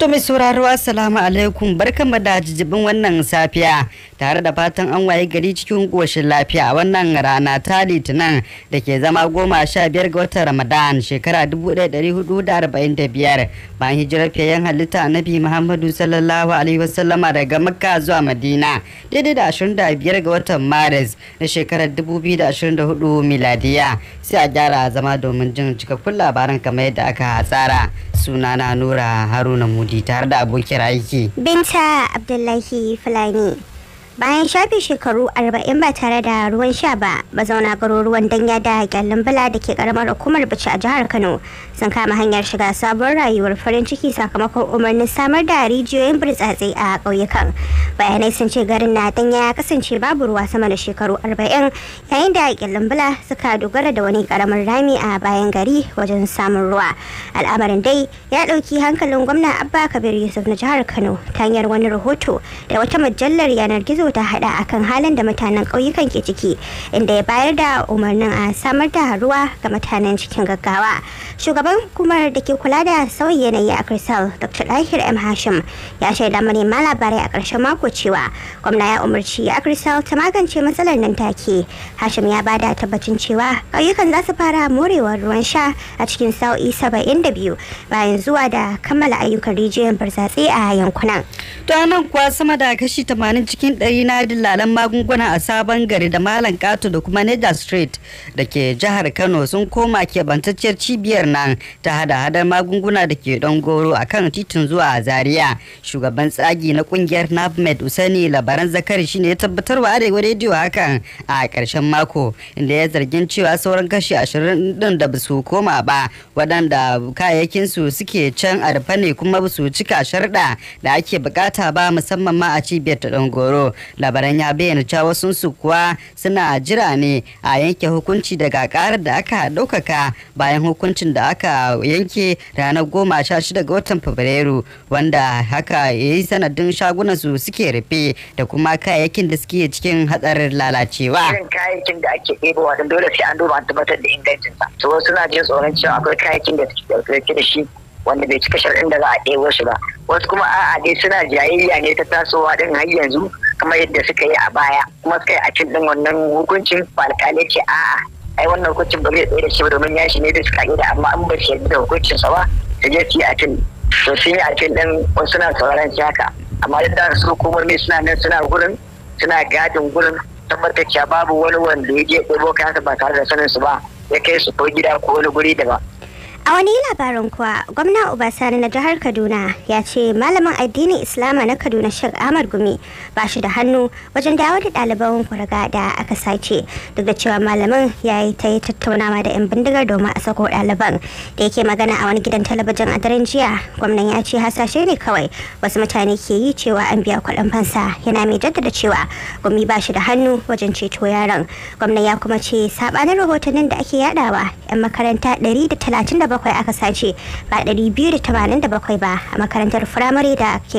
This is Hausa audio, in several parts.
To mai sauraro assalamu alaikum barkanmu da jijibin wannan safiya tare da fatan an waye gari cikin ƙoshin lafiya a wannan rana ta litinin da ke zama goma sha biyar ga watan ramadan shekara dubu ɗaya ɗari hudu da arba'in da biyar bayan hijirar fiyayen halitta annabi muhammadu sallallahu alaihi wasallama daga makka zuwa madina daidai da ashirin da biyar ga watan maris na shekarar dubu biyu da ashirin da hudu miladiya sai a gyara zama domin jin cikakkun labaran kamar yadda aka tsara sunana nura haruna mudi Lady tare da abokin aiki. Binta Abdullahi Fulani. bayan shafe shekaru 40 ba tare da ruwan sha ba mazauna garuruwan danya da kyallin bala da ke karamar hukumar bici a jihar kano sun kama hanyar shiga sabon rayuwar farin ciki sakamakon umarnin samar da rijiyoyin burtsatse a ƙauyukan bayanai sun ce garin na danya ya kasance babu ruwa sama da shekaru 40 yayin da kyallin bala suka dogara da wani karamar rami a bayan gari wajen samun ruwa al'amarin dai ya ɗauki hankalin gwamna abba kabir yusuf na jihar kano ta hanyar wani rahoto da wata mujallar yanar gizo ta hada akan halin da mutanen ƙauyukan ke ciki inda ya bayar da umarnin a samar da ruwa ga mutanen cikin gaggawa. Shugaban hukumar da ke kula da sauyi yanayi a crystal Dr. Dahir M. Hashim ya shaida manema labarai a ƙarshen mako cewa gwamna ya umarci a crystal ta magance matsalar nan take. Hashim ya bada tabbacin cewa ƙauyukan za su fara morewar ruwan sha a cikin sa'o'i biyu bayan zuwa da kammala ayyukan rijiyar barzatsi a yankunan. To nan kuwa sama da kashi 80 cikin ɗari. ina lalan magunguna a sabon gari da malam kato da kuma niger street da ke jihar kano sun koma kebantacciyar cibiyar nan ta hada-hadar magunguna da ke don goro a kan titin zuwa zaria shugaban tsagi na kungiyar nafmed usani labaran zakari shine ya tabbatar wa arewa rediyo hakan a karshen mako inda ya zargin cewa sauran kashi ashirin din da basu koma ba waɗanda su suke can a rufe ne kuma basu cika sharɗa da ake bukata ba musamman ma a cibiyar ta goro labaran ya bayyana cewa su kuwa suna jira ne a yanke hukunci daga karar da aka ɗaukaka bayan hukuncin da aka yanke ranar goma sha shida ga watan fabrairu wanda haka ya yi sanadin shagunan su suke rufe da kuma kayayyakin da suke cikin hatsarin lalacewa. Irin kayayyakin da ake ɗebowa don dole sai an duba an tabbatar da ingancinsa. To wasu na jin tsoron cewa akwai kayayyakin da suke da shi wanda bai cika shar'in da za a ɗebo shi ba. Wasu kuma a'a dai suna jayayya ne ta tasowa ɗin har yanzu kamar yadda suka yi a baya kuma suka yi a cikin din wannan hukuncin ba ce ce a'a ai wannan hukuncin ba zai tsaye da shi domin ya shi ne da suka yi da amma an ba shi da hukuncin sa ba su je su yi a cikin to sun yi a cikin din wasu suna sauran shi haka amma da su hukumomi suna nan suna gurin suna gadin gurin tabbatar cewa babu wani wanda ya je ɗebo kayansa ba tare da sanin su ba ya kai su ko gida ko wani guri ba. a wani labarin kuwa gwamna Sani na jihar kaduna ya ce malamin addinin islama na kaduna shek ahmad gumi ba shi da hannu wajen dawo da ɗaliban kwarga da aka sace duk da cewa malamin ya yi ta yi tattaunawa da 'yan bindigar domin a sako ɗaliban da yake magana a wani gidan talabijin a daren jiya gwamnan ya ce hasashe ne kawai wasu mutane ke yi cewa an biya kuɗin fansa yana mai jaddada cewa gumi ba shi da hannu wajen ceto yaran. gwamnan ya kuma ce saɓanin rahotannin da ake yadawa 'yan makaranta 137 bakwai aka sace ba ɗari biyu da tamanin da bakwai ba a makarantar firamare da ke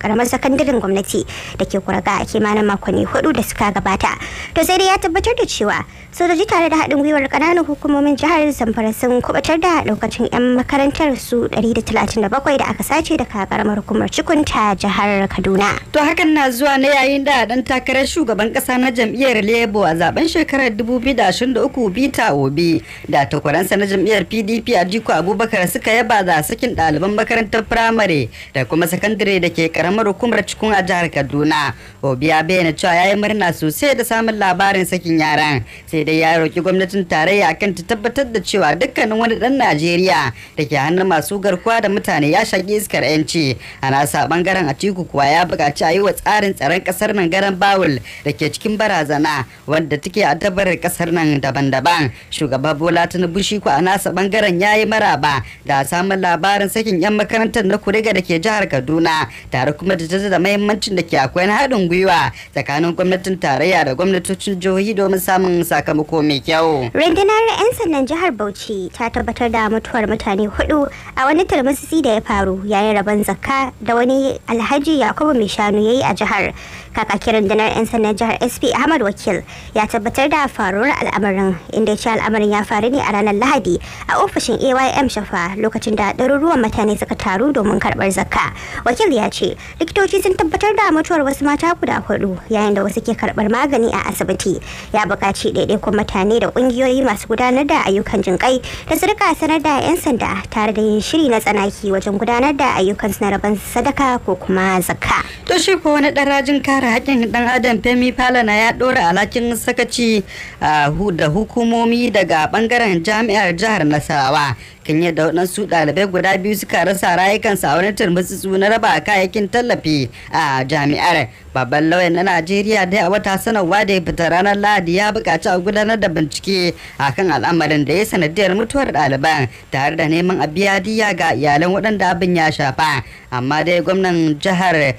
karamar sakandaren gwamnati da ke kuraga a kimanin makonni hudu da suka gabata to sai dai ya tabbatar da cewa sojoji tare da haɗin gwiwar ƙananan hukumomin jihar zamfara sun kubatar da lokacin 'yan makarantar su 137 da aka sace daga karamar hukumar cikunta jihar kaduna to hakan na zuwa na yayin da dan takarar shugaban kasa na jam'iyyar labour a zaben shekarar 2023 bita obi da takwaransa na jam'iyyar pdp Adiko Abubakar suka yaba da sakin ɗaliban makarantar firamare da kuma sakandare da ke karamar hukumar cikin a jihar Kaduna. Obi ya bayyana cewa ya yi murna sosai da samun labarin sakin yaran sai dai ya roki gwamnatin tarayya akan ta tabbatar da cewa dukkanin wani ɗan Najeriya da ke hannun masu garkuwa da mutane ya shaƙi iskar 'yanci. A nasa ɓangaren Atiku kuwa ya buƙaci a yi wa tsarin tsaron ƙasar nan garan Bawul da ke cikin barazana wanda take a dabarar ƙasar nan daban-daban. Shugaba Bola Tinubu shi ko a nasa ɓangaren ya ya yi maraba da samun labarin sakin 'yan makarantar na kuriga da ke jihar kaduna tare kuma da da mahimmancin da ke akwai na haɗin gwiwa tsakanin gwamnatin tarayya da gwamnatocin jihohi domin samun sakamako mai kyau rundunar 'yan sandan jihar bauchi ta tabbatar da mutuwar mutane hudu a wani talmasisi da ya faru yayin rabon zakka da wani alhaji yakubu mai shanu ya yi a jihar kakakin rundunar 'yan sandan jihar sp ahmad wakil ya tabbatar da faruwar al'amarin inda ya ce al'amarin ya faru ne a ranar lahadi a ofishin AYM Shafa lokacin da ɗaruruwan mutane suka taru domin karɓar zakka. Wakil ya ce likitoci sun tabbatar da mutuwar wasu mata guda hudu yayin da wasu ke karɓar magani a asibiti. Ya buƙaci ɗaiɗaikun mutane da ƙungiyoyi masu gudanar da ayyukan jinƙai da su rika sanar da 'yan sanda tare da yin shiri na tsanaki wajen gudanar da ayyukan na rabon sadaka ko kuma zakka. To shi ko wani ɗan rajin kare haƙƙin ɗan adam Femi Falana ya ɗora alhakin sakaci ah, da hukumomi daga ɓangaren jami'ar jihar Nasarawa. Sí. tun yadda waɗansu ɗalibai guda biyu suka rasa rayukansu a wani turmutsutsu na raba kayayyakin tallafi a jami'ar babban lauyan na najeriya dai a wata sanarwa da ya fita ranar lahadi ya buƙaci a gudanar da bincike a kan al'amarin da ya sanadiyar mutuwar ɗaliban tare da neman a biya diya ga iyalan waɗanda abin ya shafa amma dai gwamnan jihar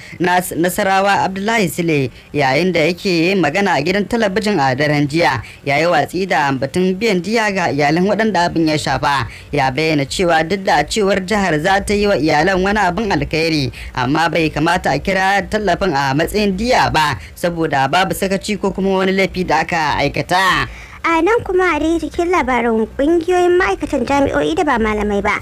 nasarawa abdullahi sile yayin da yake magana a gidan talabijin a daren jiya ya yi watsi da batun biyan diya ga iyalan waɗanda abin ya shafa ya bayyana cewa duk da cewar jihar za ta yi wa iyalan wani abin alkhairi amma bai kamata a kira tallafin a matsayin diya ba saboda babu sakaci ko kuma wani laifi da aka aikata. a nan kuma a cikin labarin kungiyoyin ma'aikatan jami'o'i da ba malamai ba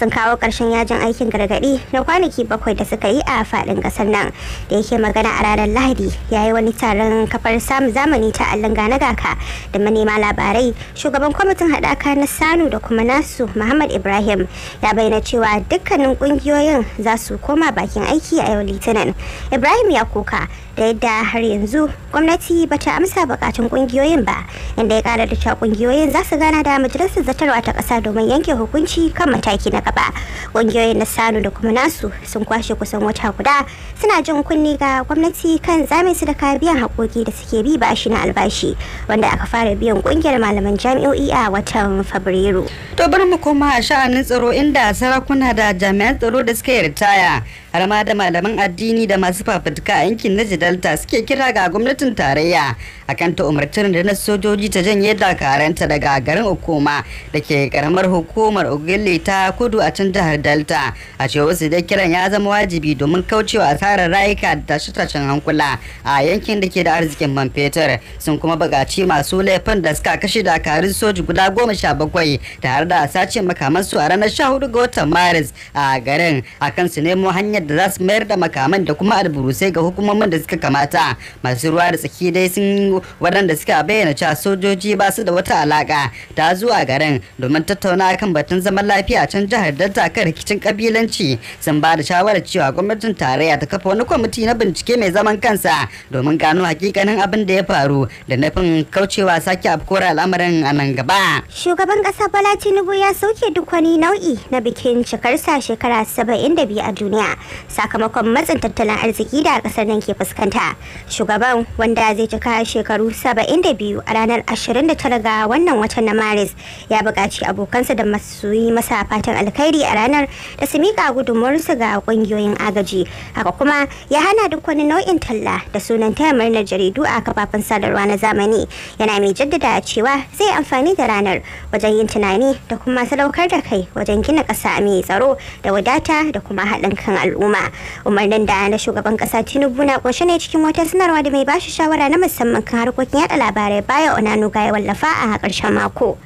sun kawo ƙarshen yajin aikin gargaɗi na kwanaki bakwai da suka yi a faɗin kasar nan da yake magana a ranar lahadi ya yi wani taron kafar samun zamani ta allon gane gaka da manema labarai shugaban kwamitin haɗaka na sanu da kuma nasu muhammad ibrahim ya bayyana cewa dukkanin ƙungiyoyin za su koma bakin aiki a yau litinin ibrahim ya kuka da yadda har yanzu gwamnati ba ta amsa bukatun ƙungiyoyin ba inda ya ƙara da cewa kungiyoyin za su gana da majalisar zartarwa ta ƙasa domin yanke hukunci kan mataki na ba ƙungiyoyin na sanu da kuma nasu sun kwashe kusan wata guda suna jin kunni ga gwamnati kan zame su da biyan haƙoƙi da suke bi bashi na albashi wanda aka fara biyan ƙungiyar malaman jami'o'i a watan fabrairu to bari mu koma a sha'anin tsaro inda sarakuna da jami'an tsaro da suka yi ritaya har ma da malaman addini da masu fafutuka a yankin na Delta suke kira ga gwamnatin tarayya akan ta da na sojoji ta janye dakaranta daga garin Okoma da ke karamar hukumar Ogille ta kudu a can jihar Delta. A cewar su dai kiran ya zama wajibi domin kaucewa asarar rayuka da tashe-tashen hankula a yankin da ke da arzikin man fetur sun kuma bugaci masu laifin da suka kashe dakarun soji guda goma sha bakwai tare da sace makamansu a ranar sha hudu ga watan Maris a garin akan su nemo hanyar hanyar da za su mayar da makaman da kuma alburusai ga hukumomin da suka kamata masu ruwa da tsaki dai sun waɗanda suka bayyana cewa sojoji ba su da wata alaka ta zuwa garin domin tattauna kan batun zaman lafiya can jihar delta kan rikicin kabilanci sun ba da shawarar cewa gwamnatin tarayya ta kafa wani kwamiti na bincike mai zaman kansa domin gano hakikanin abin da ya faru da nufin kaucewa sake afkora al'amarin a nan gaba shugaban kasa bala tinubu ya sauke duk wani nau'i na bikin cikarsa shekara 75 a duniya sakamakon matsin tattalin arziki da kasar nan ke fuskanta shugaban wanda zai cika shekaru 72 a ranar 29 ga wannan watan na maris ya buƙaci abokansa da masu yi masa fatan alkhairi a ranar da su miƙa gudunmuwarsu ga ƙungiyoyin agaji haka kuma ya hana duk wani nau'in talla da sunan taya murnar jaridu a kafafen sadarwa na zamani yana mai jaddada cewa zai amfani da ranar wajen yin tunani da kuma sadaukar da kai wajen gina ƙasa mai tsaro da wadata da kuma haɗin kan al'umma al'umma umarnin da na shugaban kasa tinubu na kunshe ne cikin wata sanarwa da mai bashi shawara na musamman kan harkokin yada labarai baya onanu ga ya wallafa a karshen mako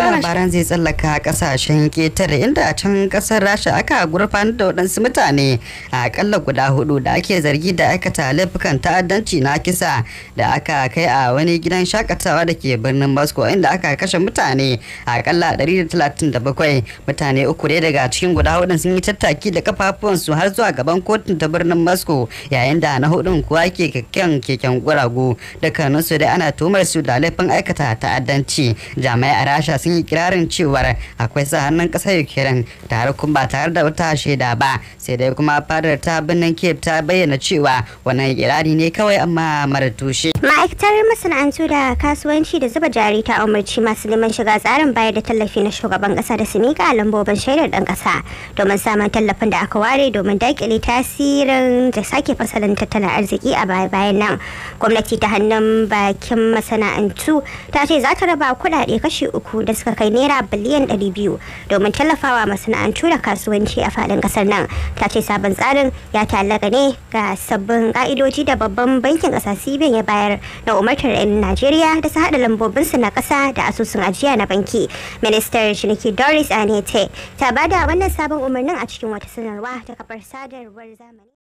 labaran zai tsallaka kasashen ketare inda a can kasar rasha aka gurfanar da waɗansu mutane a akalla guda hudu da ake zargi da aikata laifukan ta'addanci na kisa da aka kai a wani gidan shakatawa da ke birnin moscow inda aka kashe mutane a akalla 137 mutane uku ne daga cikin guda hudun sun yi tattaki da kafafuwansu har zuwa gaban kotun ta birnin moscow yayin da na hudun kuwa ke keken keken guragu dukkaninsu dai ana tuhumar su da laifin aikata ta'addanci jami'ai a rasha sun yi kirarin cewar akwai sa hannun kasar ukraine ta ba tare da wata shaida ba sai dai kuma fadar ta birnin kiev ta bayyana cewa wannan kirari ne kawai amma mara tushe ma'aikatar masana'antu da kasuwanci da zuba jari ta umarci masu neman shiga tsarin bayar da tallafi na shugaban ƙasa da su miƙa lambobin shaidar ɗan ƙasa domin samun tallafin da aka ware domin daƙile tasirin da sake fasalin tattalin arziki a baya-bayan nan gwamnati ta hannun bakin masana'antu ta ce za ta raba kuɗaɗe kashi uku da da suka kai naira biliyan 200 domin tallafawa masana'antu da kasuwanci a fadin ƙasar nan ta ce sabon tsarin ya ta'allaka ne ga sabbin ƙa'idoji da babban bankin ƙasa cbn ya bayar na umartar 'yan najeriya da su haɗa su na ƙasa da asusun ajiya na banki ministar ciniki doris anete ta bada wannan sabon umarnin a cikin wata sanarwa ta kafar sadarwar zamani